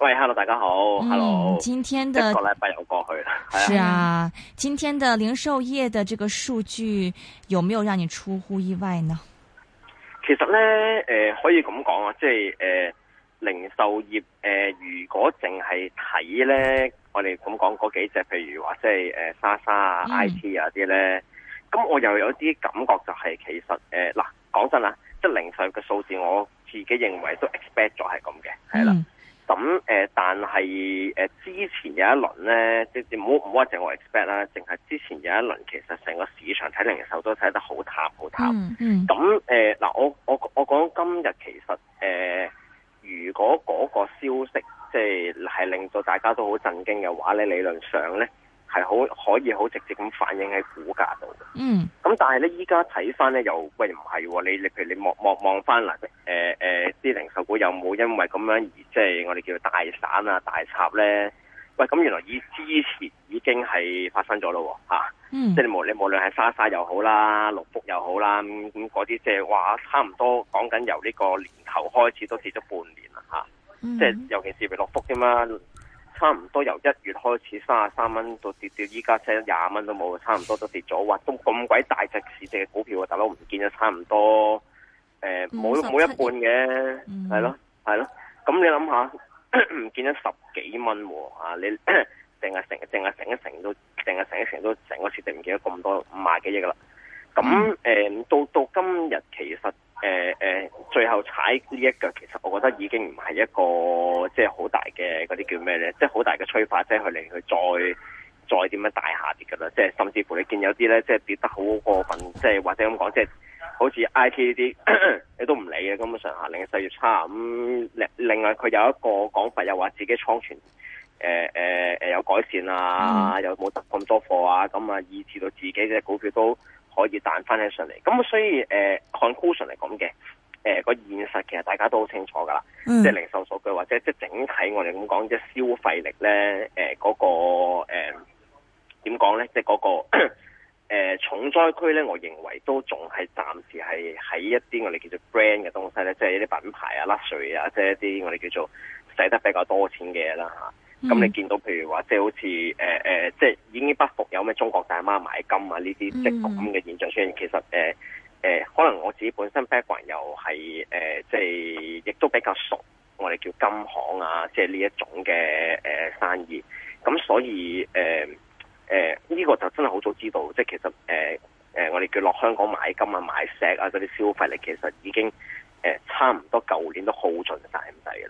喂，hello，大家好，hello、嗯、今天的一個禮拜又過去啦，係啊。是啊、嗯，今天的零售業嘅這個數據有沒有讓你出乎意外呢？其實咧，誒、呃，可以咁講啊，即係誒、呃，零售業誒、呃，如果淨係睇咧，我哋咁講嗰幾隻，譬如話即係誒，莎莎啊，I T 啊啲咧，咁、嗯、我又有啲感覺就係其實誒，嗱、呃，講真啦，即係零售嘅數字，我自己認為都 expect 咗係咁嘅，係、嗯、啦。是咁、嗯、誒，但係誒、呃，之前有一輪咧，即係唔好唔好淨係 expect 啦，淨係之前有一輪，其實成個市場睇零售都睇得好淡，好淡。嗯咁誒，嗱、嗯嗯，我我我講今日其實誒、呃，如果嗰個消息即係係令到大家都好震驚嘅話咧，理論上咧係好可以好直接咁反映喺股價度。嗯，咁但係咧，依家睇翻咧，又喂唔係、哦，你你譬如你望望望翻嚟，誒誒啲零售股有冇因為咁樣而即係、就是、我哋叫做大散啊大插咧？喂，咁、嗯、原來以之前已經係發生咗咯吓，即係你無你無論係莎莎又好啦，六福又好啦，咁咁嗰啲即係話差唔多講緊由呢個年頭開始都跌咗半年啦吓，即、啊、係、嗯就是、尤其是咪六福添啦。差唔多由一月開始三十三蚊到跌跌，依家即係廿蚊都冇，差唔多都跌咗。哇，都咁鬼大隻市值嘅股票啊，大佬唔見咗差唔多、欸，誒冇冇一半嘅，係咯係咯。咁你諗下，唔見咗十幾蚊喎，你淨係成淨係成一成都，淨係成一成都成個市值唔見咗咁多五萬幾億啦。咁誒到到今日其實。誒、呃、誒，最後踩呢一腳，其實我覺得已經唔係一個即係好大嘅嗰啲叫咩咧？即係好大嘅催化，即係去令佢再再點樣大下跌㗎啦！即係甚至乎你見有啲咧，即係跌得好過分，即係或者咁講，即係好似 I T 呢啲，你都唔理嘅咁嘅上下，令嘅勢越差咁。另外、嗯、另外佢有一個講法，又話自己倉存，誒誒誒，有改善啊，啊又冇得咁多貨啊，咁啊，以至到自己嘅股票都。可以彈翻起上嚟，咁所以誒、呃、conclusion 嚟講嘅，誒、呃、個現實其實大家都好清楚噶啦，mm. 即係零售數據或者即係整體我哋咁講，即係消費力咧，誒、呃、嗰、那個誒點講咧，即係、那、嗰個、呃、重災區咧，我認為都仲係暫時係喺一啲我哋叫做 brand 嘅東西咧，即係一啲品牌啊、luxury 啊，即係一啲我哋叫做使得比較多錢嘅嘢啦嚇。咁你見到譬如話，即係好似誒誒，即係已經不復有咩中國大媽買金啊呢啲即係咁嘅現象出現。其實誒誒，可能我自己本身 background 又係誒，即係亦都比較熟我哋叫金行啊，即係呢一種嘅誒生意。咁所以誒誒，呢個就真係好早知道。即係其實誒誒，我哋叫落香港買金啊、買石啊嗰啲消費力，其實已經誒差唔多舊年都耗盡晒唔使嘅。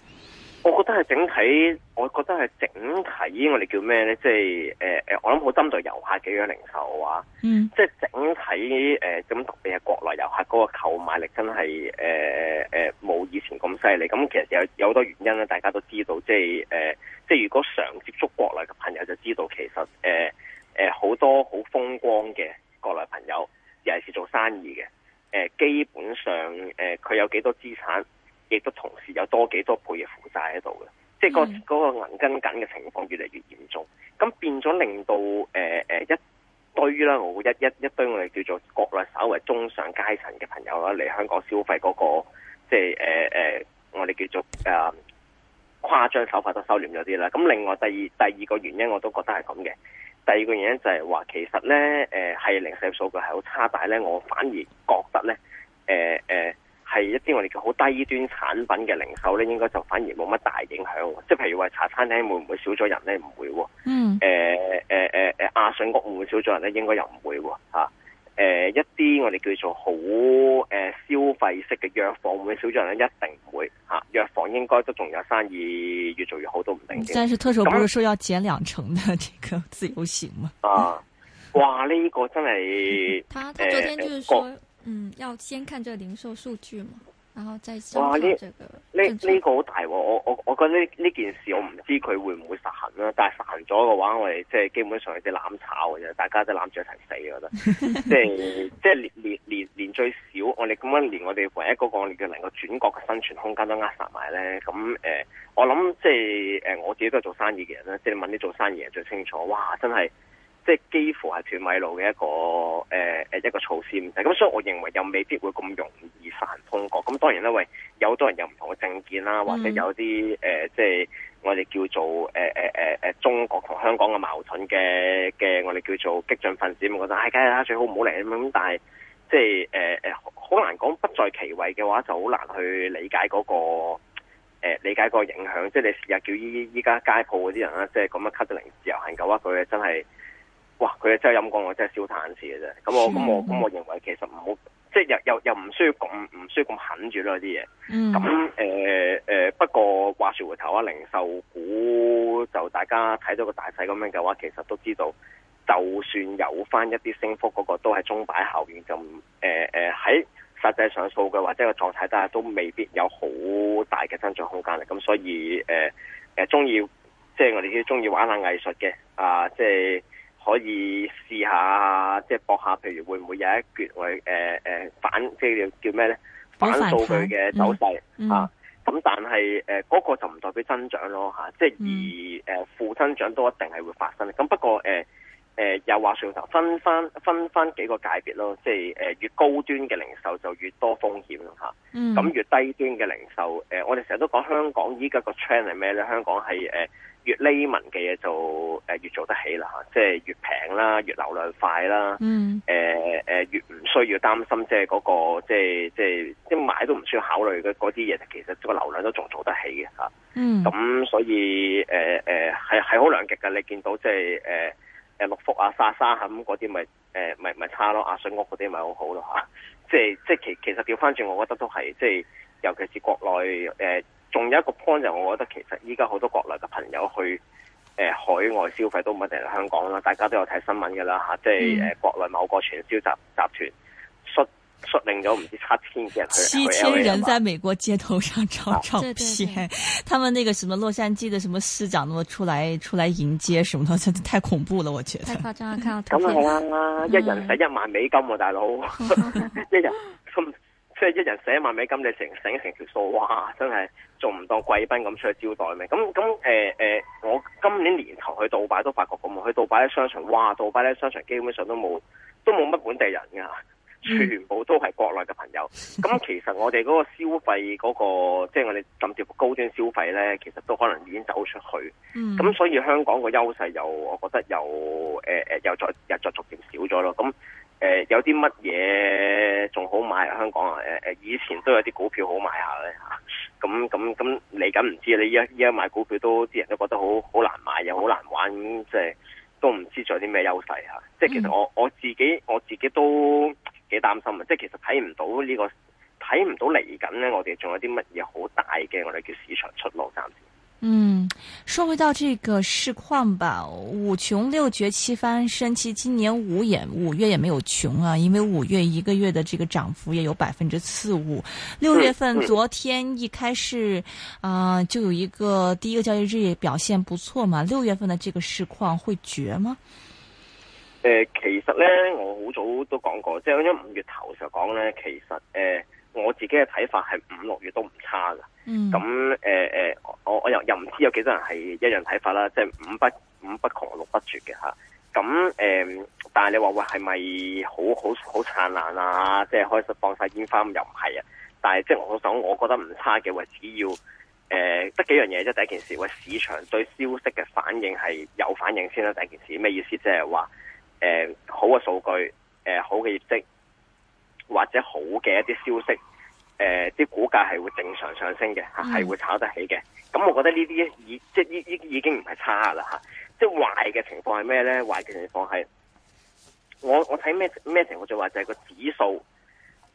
係整體，我覺得係整體，我哋叫咩呢？即係誒誒，我諗好針對遊客嘅嘅零售嘅話，即、嗯、係、就是、整體誒，咁特別係國內遊客嗰個購買力真係誒誒，冇、呃呃、以前咁犀利。咁、嗯、其實有有好多原因咧，大家都知道，即係誒、呃，即係如果常接觸國內嘅朋友就知道，其實誒誒，好、呃呃、多好風光嘅國內朋友，尤其是做生意嘅，誒、呃，基本上誒，佢、呃、有幾多資產？亦都同時有多幾多倍嘅負債喺度嘅，即係個嗰個銀根緊嘅情況越嚟越嚴重，咁變咗令到誒、呃、一堆啦，我一一一堆我哋叫做國內稍為中上階層嘅朋友啦，嚟香港消費嗰、那個即係誒誒，我哋叫做誒誇、呃、張手法都收斂咗啲啦。咁另外第二第二個原因我都覺得係咁嘅，第二個原因就係話其實咧係、呃、零售數據係好差大，但係咧我反而覺得咧誒、呃呃係一啲我哋叫好低端產品嘅零售咧，應該就反而冇乜大影響。即係譬如話茶餐廳會唔會少咗人咧？唔會喎、哦。嗯。誒誒誒誒，阿、呃呃、信屋會唔會少咗人咧？應該又唔會喎、哦。嚇、呃。一啲我哋叫做好誒消費式嘅藥房會少咗人呢，一定唔會嚇、啊。藥房應該都仲有生意，越做越好都唔定。但係特首不是說要減兩成嘅這個自由行嗎？啊！哇！呢、這個真係嗯，要先看這零售數據嘛，然後再上做這個。呢呢個好大哦，我我我覺得呢呢件事我唔知佢會唔會實行啦。但係實行咗嘅話，我哋即係基本上係只攬炒嘅啫，大家都攬住一齊死我 覺得。即係即係連連連連最少，我哋咁樣連我哋唯一嗰，那個我哋嘅能夠轉角嘅生存空間都扼殺埋咧。咁誒、呃，我諗即係誒、呃，我自己都係做生意嘅人啦，即係問啲做生意嘅人最清楚。哇，真係！即係幾乎係斷米路嘅一個誒誒、呃、一個措施，咁所以我認為又未必會咁容易行通過。咁當然啦，喂有好多人有唔同嘅政見啦，或者有啲誒、呃、即係我哋叫做誒誒誒誒中國同香港嘅矛盾嘅嘅我哋叫做激進分子，我覺得唉梗係啦，最好唔好嚟，咁樣。但係即係誒誒好難講，不在其位嘅話就好難去理解嗰、那個誒、呃、理解嗰個影響。即係你試下叫依依家街鋪嗰啲人啦，即係咁樣 cut 咗零自由行嘅話，佢真係。哇！佢真係陰功，我真係燒炭似嘅啫。咁我咁我咁，我認為其實唔好即係又又又唔需要咁唔需要咁狠住咯啲嘢。咁誒誒，不過話說回頭啊，零售股就大家睇到個大細咁樣嘅話，其實都知道，就算有翻一啲升幅，那個，嗰個都係中擺後面咁。誒、呃、誒，喺、呃、實際上數嘅或者個狀態底下，都未必有好大嘅增長空間啦。咁所以誒誒，中、呃、意、呃、即係我哋啲鍾意玩下藝術嘅啊，即係。可以試下即係搏下，譬如會唔會有一決位，我誒誒反即係叫咩呢，反數據嘅走勢嚇。咁、嗯嗯啊、但係誒嗰個就唔代表增長咯嚇，即係而誒負增長都一定係會發生嘅。咁不過誒。呃誒、呃、又話上頭分翻分翻幾個界別咯，即係、呃、越高端嘅零售就越多風險咁，嗯啊、越低端嘅零售、呃、我哋成日都講香港依家個趨勢係咩咧？香港係誒、呃、越匿文嘅嘢就、呃、越做得起啦，即係越平啦，越流量快啦。誒、嗯、誒、呃，越唔需要擔心即係嗰、嗰個即係即係即買都唔需要考慮嘅嗰啲嘢，其實個流量都仲做得起嘅咁，啊嗯啊、所以誒係好兩極㗎，你見到即係誒。呃誒六福啊，沙沙嚇咁嗰啲咪誒咪咪差咯，阿水屋嗰啲咪好好咯嚇，即係即係其其實調翻轉，我覺得都係即係，尤其是國內誒，仲有一個 point 就我覺得其實依家好多國內嘅朋友去誒海外消費都唔一定係香港啦，大家都有睇新聞㗎啦嚇，即係誒國內某個傳銷集集團。率領咗唔知七千人去，七千人在美國街頭上照照片，哦、對對對他們那個什麼洛杉磯的什麼市長，那麼出來出來迎接，什麼的真的太恐怖了，我覺得太誇張啦！咁係啦，一人使一萬美金，啊，大佬， 一人咁即係一人使一萬美金，你醒醒成成成條數，哇，真係仲唔當貴賓咁出去招待咩？咁咁誒誒，我今年年頭去杜拜都發覺咁啊，去杜拜啲商場，哇，杜拜咧商場基本上都冇，都冇乜本地人噶。全部都係國內嘅朋友，咁、mm. 其實我哋嗰個消費嗰、那個，即、就、係、是、我哋甚至高端消費咧，其實都可能已經走出去。咁、mm. 所以香港個優勢又，我覺得又誒、呃、又再又再逐漸少咗咯。咁、呃、有啲乜嘢仲好買、啊、香港啊、呃？以前都有啲股票好買下咧咁咁咁，你緊唔知你依依家買股票都啲人都覺得好好難買又好難玩，咁即係都唔知仲有啲咩優勢呀。即、就、係、是、其實我我自己我自己都。幾擔心啊！即係其實睇唔到呢個，睇唔到嚟緊呢。我哋仲有啲乜嘢好大嘅，我哋叫市場出路暫時。嗯，說回到這個市況吧，五窮六絕七翻身，其今年五也五月也沒有窮啊，因為五月一個月的這個漲幅也有百分之四五。六月份昨天一開市啊、嗯嗯呃、就有一個第一個交易日表現不錯嘛。六月份的這個市況會絕嗎？誒、呃，其實咧，我好早都講過，即係因為五月頭嘅時候講咧，其實誒、呃，我自己嘅睇法係五六月都唔差噶。嗯。咁誒誒，我我又又唔知有幾多人係一樣睇法啦。即係五不五不窮，六不絕嘅吓。咁誒、呃，但係你話喂，係咪好好好燦爛啊？即係開始放晒煙花咁，又唔係啊？但係即係我想，就是、我覺得唔差嘅。喂，只要誒得、呃、幾樣嘢啫。第一件事，喂，市場對消息嘅反應係有反應先啦。第二件事，咩意思就是說？即係話。誒、呃，好嘅數據，誒、呃，好嘅業績，或者好嘅一啲消息，誒、呃，啲股價係會正常上升嘅，係會炒得起嘅。咁、嗯嗯、我覺得呢啲已即係已經唔係差啦吓，即係壞嘅情況係咩咧？壞嘅情況係我我睇咩咩情況最壞就係、是、個指數，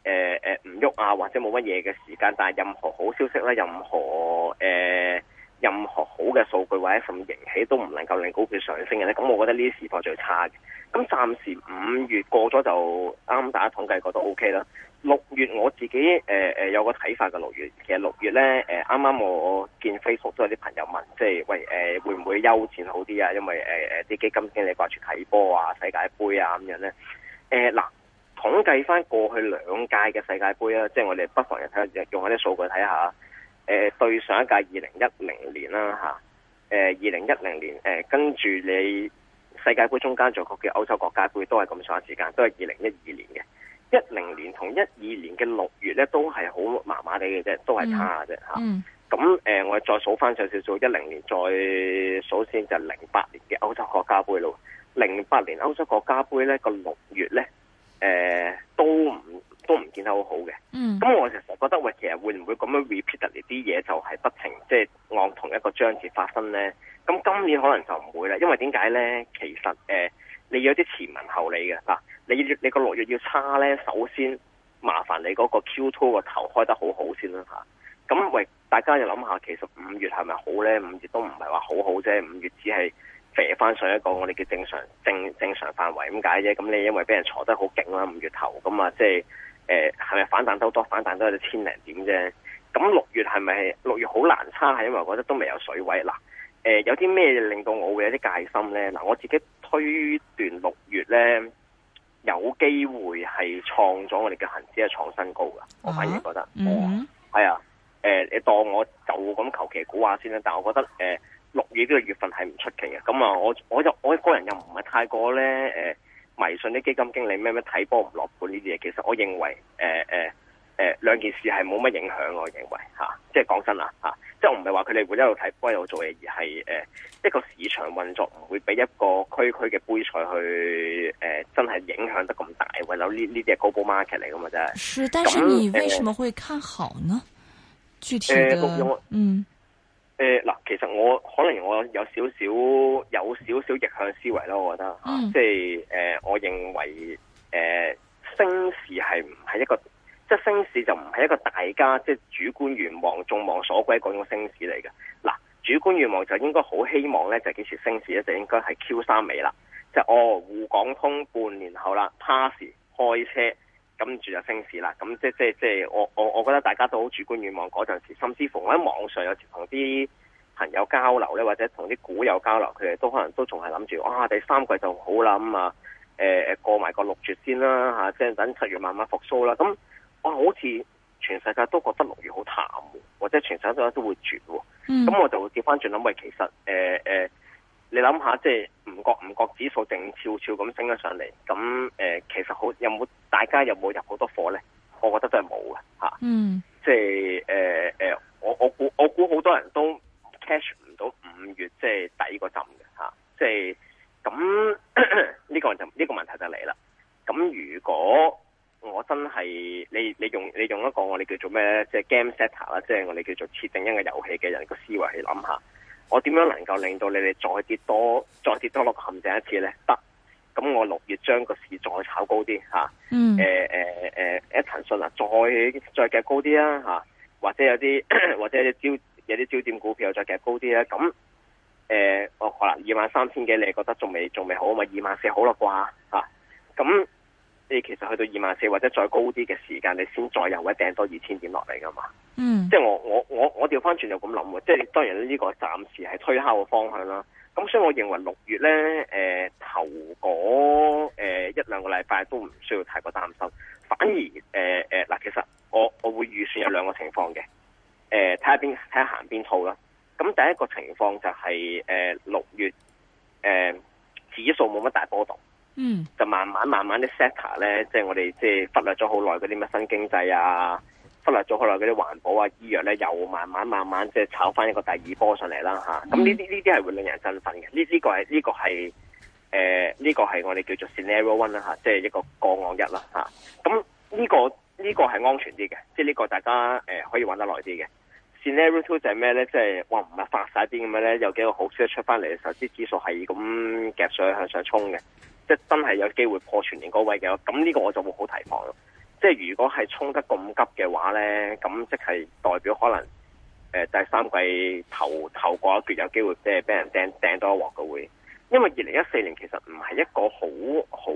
誒誒唔喐啊，或者冇乜嘢嘅時間，但係任何好消息咧，任何誒。呃任何好嘅數據或者份營起都唔能夠令股票上升嘅咧，咁我覺得呢啲市況最差嘅。咁暫時五月過咗就啱，大家統計過都 OK 啦。六月我自己誒誒、呃、有個睇法嘅六月，其實六月咧誒啱啱我見 Facebook 都有啲朋友問，即係喂誒、呃、會唔會休戰好啲啊？因為誒誒啲基金經理掛住睇波啊、世界盃啊咁樣咧。誒、呃、嗱，統計翻過去兩屆嘅世界盃啊，即係我哋不妨人睇用下啲數據睇下。誒、呃，對上一屆二零一零年啦，吓，誒，二零一零年，誒、啊呃呃，跟住你世界盃中間做嘅歐洲國家盃都係咁上 h o r 時間，都係二零一二年嘅一零年，同一二年嘅六月咧，都係好麻麻地嘅啫，都係差嘅啫吓。咁、啊、誒、嗯嗯啊呃，我再數翻少少，數一零年再數先，就零、是、八年嘅歐洲國家盃咯。零八年歐洲國家盃咧個六月咧，誒、呃，都唔都唔見得很好好嘅。咁、嗯嗯、我其實覺得喂、呃，其實會唔會咁樣 re-？特別啲嘢就係不停，即、就、係、是、按同一個章節發生呢。咁今年可能就唔會啦，因為點解呢？其實誒、呃，你要有啲前文後理嘅嗱、啊，你你個六月要差呢，首先麻煩你嗰個 Q2 個頭開得好好先啦。咁、啊、喂，大家又諗下，其實五月係咪好呢？五月都唔係話好好啫，五月只係肥翻上一個我哋嘅正常正正常範圍咁解啫。咁你因為俾人坐得好勁啦，五月頭咁啊，即係係咪反彈都多，反彈都千零點啫。咁六月係咪六月好難撐？係因為我覺得都未有水位。嗱，誒，有啲咩令到我會有啲戒心呢？嗱，我自己推斷六月呢，有機會係創咗我哋嘅恒指係創新高噶。我反而覺得，嗯、uh-huh.，係、uh-huh. 啊，誒、呃，你當我就咁求其估下先啦。但係我覺得，誒、呃，六月呢個月份係唔出奇嘅。咁啊，我我就我個人又唔係太過呢，誒、呃，迷信啲基金經理咩咩睇波唔落盤呢啲嘢。其實我認為，誒、呃、誒。呃誒、呃，兩件事係冇乜影響，我認為吓、啊，即係講真啦吓、啊，即係我唔係話佢哋會一路睇波，一路做嘢，而係誒、呃，一個市場運作唔會俾一個區區嘅杯賽去誒、呃，真係影響得咁大，唯有呢呢隻高波 market 嚟噶嘛啫。是，但是你為什麼會看好呢？呃、具體誒嗱、呃嗯呃呃，其實我，、呃、其實我可能我有少少有少少逆向思維咯，我覺得、嗯、即係誒、呃，我認為誒，升、呃、市係唔係一個。即升市就唔係一個大家即主觀願望、眾望所歸嗰種升市嚟嘅。嗱，主觀願望就應該好希望咧，就幾時升市咧，就應該係 Q 三尾啦。即哦，滬港通半年後啦，pass 開車，跟住就升市啦。咁即即即我我我覺得大家都好主觀願望嗰陣時。甚至乎我喺網上有時同啲朋友交流咧，或者同啲股友交流，佢哋都可能都仲係諗住啊，第三季就好啦。咁、呃、啊，誒過埋個六絕先啦、啊，即等七月慢慢復甦啦。咁、啊我好似全世界都覺得六月好淡喎，或者全世界都會轉喎。咁、嗯、我就會掉翻轉諗，喂，其實誒誒、呃，你諗下，即係唔覺唔覺指數靜悄悄咁升咗上嚟。咁、嗯、誒其實好有冇大家有冇入好多貨呢？我覺得都係冇嘅。嗯即係誒誒，我我估我估好多人都 catch 唔到五月即係底個浸嘅嚇。即係咁呢個就呢、這個問題就嚟啦。咁如果真係你你用你用一個我哋叫做咩咧，即係 game setter 啦，即係我哋叫做設定遊戲的的一個遊戲嘅人個思維去諗下，我點樣能夠令到你哋再跌多再跌多落陷阱一次咧？得，咁我六月將個市再炒高啲吓、啊，嗯，誒誒誒，一騰訊啊，再再夾高啲啦吓，或者有啲 或者招有啲焦，焦點股票再夾高啲啦。咁、啊、誒、啊，我可能，二萬三千幾，你覺得仲未仲未好啊？嘛，二萬四好啦啩吓，咁、啊。啊你其實去到二萬四或者再高啲嘅時間，你先再有位掟多二千點落嚟噶嘛？嗯、mm.，即係我我我我調翻轉又咁諗喎，即係當然呢個暫時係推敲嘅方向啦。咁所以，我認為六月咧，誒、呃、頭嗰、呃、一兩個禮拜都唔需要太過擔心，反而誒嗱、呃呃，其實我我會預算有兩個情況嘅，睇下邊睇下行邊套啦。咁第一個情況就係誒六月誒、呃、指數冇乜大波動。嗯、mm.，就慢慢慢慢啲 set up 咧，即、就、係、是、我哋即係忽略咗好耐嗰啲乜新經濟啊，忽略咗好耐嗰啲環保啊、醫藥咧，又慢慢慢慢即係炒翻一個第二波上嚟啦吓。咁呢啲呢啲係會令人振奮嘅。呢、這、呢個係呢、這個係誒呢個係、呃這個、我哋叫做 Scenario One、啊、啦吓，即、就、係、是、一個個案一啦吓。咁呢、這個呢、這個係安全啲嘅，即係呢個大家誒、呃、可以玩得耐啲嘅。Scenario Two 就係咩咧？即、就、係、是、哇唔係發晒啲咁樣咧，有幾個好消息出翻嚟嘅時候，啲指數係咁夾上去向上衝嘅。即真係有機會破全年高位嘅，咁呢個我就會好提防咯。即如果係衝得咁急嘅話呢，咁即係代表可能誒第、呃就是、三季頭頭過一橛有機會即係俾人掟掟多一鑊嘅會，因為二零一四年其實唔係一個好好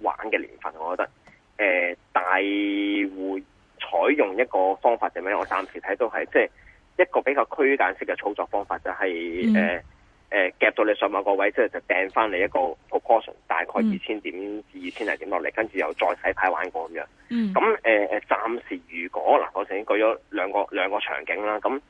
玩嘅年份，我覺得誒、呃、大戶採用一個方法點樣？我暫時睇到係即係一個比較區間式嘅操作方法、就是，就係誒。嗯誒、嗯，夾到你上某個位，即係就掟、是、翻你一個 proportion，大概二千點至二千零點落嚟，跟住又再洗牌玩過咁樣。咁誒誒，暫、呃、時如果嗱，我曾經舉咗兩個兩個場景啦。咁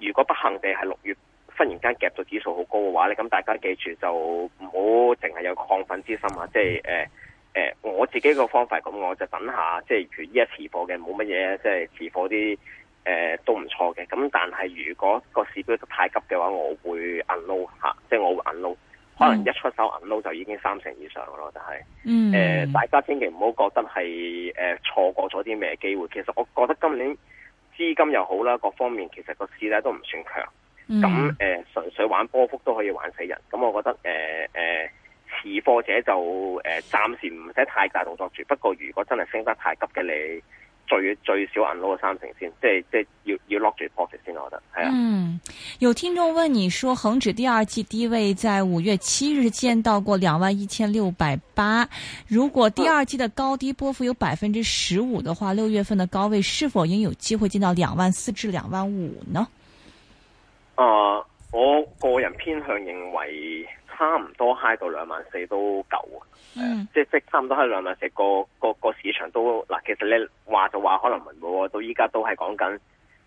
如果不幸地係六月忽然間夾到指數好高嘅話咧，咁大家記住就唔好淨係有亢奮之心啊！即係誒誒，我自己個方法咁，我就等下，即、就、係、是、如依一次貨嘅冇乜嘢，即係持貨啲。就是誒、呃，都唔錯嘅，咁但係如果個市標太急嘅話，我會 unload 即係我會 unload 可能一出手 unload 就已經三成以上咯，就係、是，誒、嗯呃、大家千祈唔好覺得係誒錯過咗啲咩機會，其實我覺得今年資金又好啦，各方面其實個市咧都唔算強，咁誒純粹玩波幅都可以玩死人，咁我覺得誒誒，持、呃、貨、呃、者就誒暫、呃、時唔使太大動作住，不過如果真係升得太急嘅你。最最少攞個三成先，即係即係要要 lock 住 profit 先，我覺得係啊。嗯，有聽眾問你，說恒指第二季低位在五月七日見到過兩萬一千六百八，如果第二季的高低波幅有百分之十五的話，六月份的高位是否應有機會見到兩萬四至兩萬五呢？啊、呃！個人偏向認為差唔多 high 到兩萬四都夠啊，嗯呃、即即差唔多 h i 兩萬四個，個個個市場都嗱，其實咧話就話可能唔會，到依家都係講緊，誒、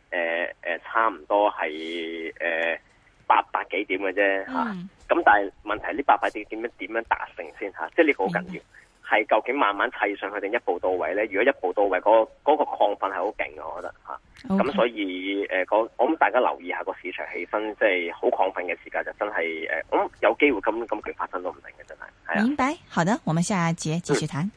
呃、誒、呃、差唔多係誒、呃、八百幾點嘅啫吓，咁、嗯啊、但係問題呢八百幾點點樣點樣達成先吓、啊，即係呢個好緊要。係究竟慢慢砌上去定一步到位咧？如果一步到位，嗰嗰個亢奮係好勁嘅，我覺得吓。咁、okay. 所以誒、呃，我諗大家留意一下個市場氣氛，即係好亢奮嘅時間就真係誒，咁、呃、有機會咁咁佢發生都唔定嘅，真係係啊。明白，好的，我們下一節繼續談。嗯